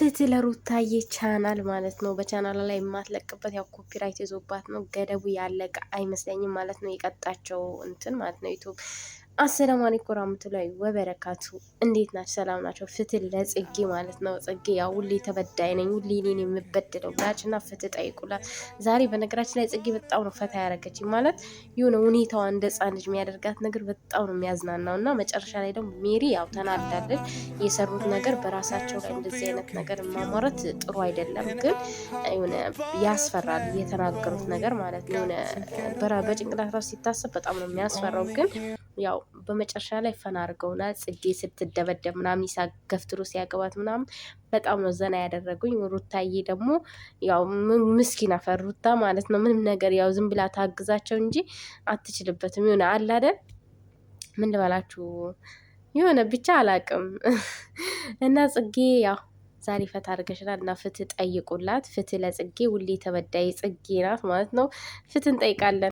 ትቲ ለሩታዬ ቻናል ማለት ነው። በቻናል ላይ የማትለቅበት ያው ኮፒራይት ይዞባት ነው ገደቡ ያለቀ አይመስለኝም ማለት ነው። የቀጣቸው እንትን ማለት ነው ዩቱብ አሰላሙ አለይኩም ወራህመቱላሂ ወበረካቱ። እንዴት ናቸው? ሰላም ናቸው? ፍትህ ለጽጌ ማለት ነው። ጽጌ ያው ሁሌ ተበዳይ ነኝ ሁሌ እኔን የምበደለው ብላችና ፍትህ ጠይቁላት። ዛሬ በነገራችን ላይ ጽጌ በጣም ነው ፈታ ያደረገች ማለት የሆነ ሁኔታዋ እንደ ሕፃን ልጅ የሚያደርጋት ነገር በጣም ነው የሚያዝናናው እና መጨረሻ ላይ ደግሞ ሜሪ ያው ተናዳለች። የሰሩት ነገር በራሳቸው ላይ እንደዚህ አይነት ነገር ማሟረት ጥሩ አይደለም፣ ግን የሆነ ያስፈራል የተናገሩት ነገር ማለት የሆነ በጭንቅላት ራሱ ሲታሰብ በጣም ነው የሚያስፈራው ግን ያው በመጨረሻ ላይ ፈን አድርገውና ጽጌ ስትደበደብ ምናምን ይሳቅ ገፍትሮ ሲያገባት ምናምን በጣም ነው ዘና ያደረጉኝ። ሩታዬ ደግሞ ያው ምስኪን አፈር ሩታ ማለት ነው። ምንም ነገር ያው ዝም ብላ ታግዛቸው እንጂ አትችልበትም። የሆነ አላደን ምን ልበላችሁ የሆነ ብቻ አላቅም እና ጽጌ ያው ዛሬ ፈታ አድርገሽናል እና ፍትህ ጠይቁላት። ፍትህ ለጽጌ ሁሌ ተበዳይ ጽጌ ናት ማለት ነው። ፍትህ እንጠይቃለን።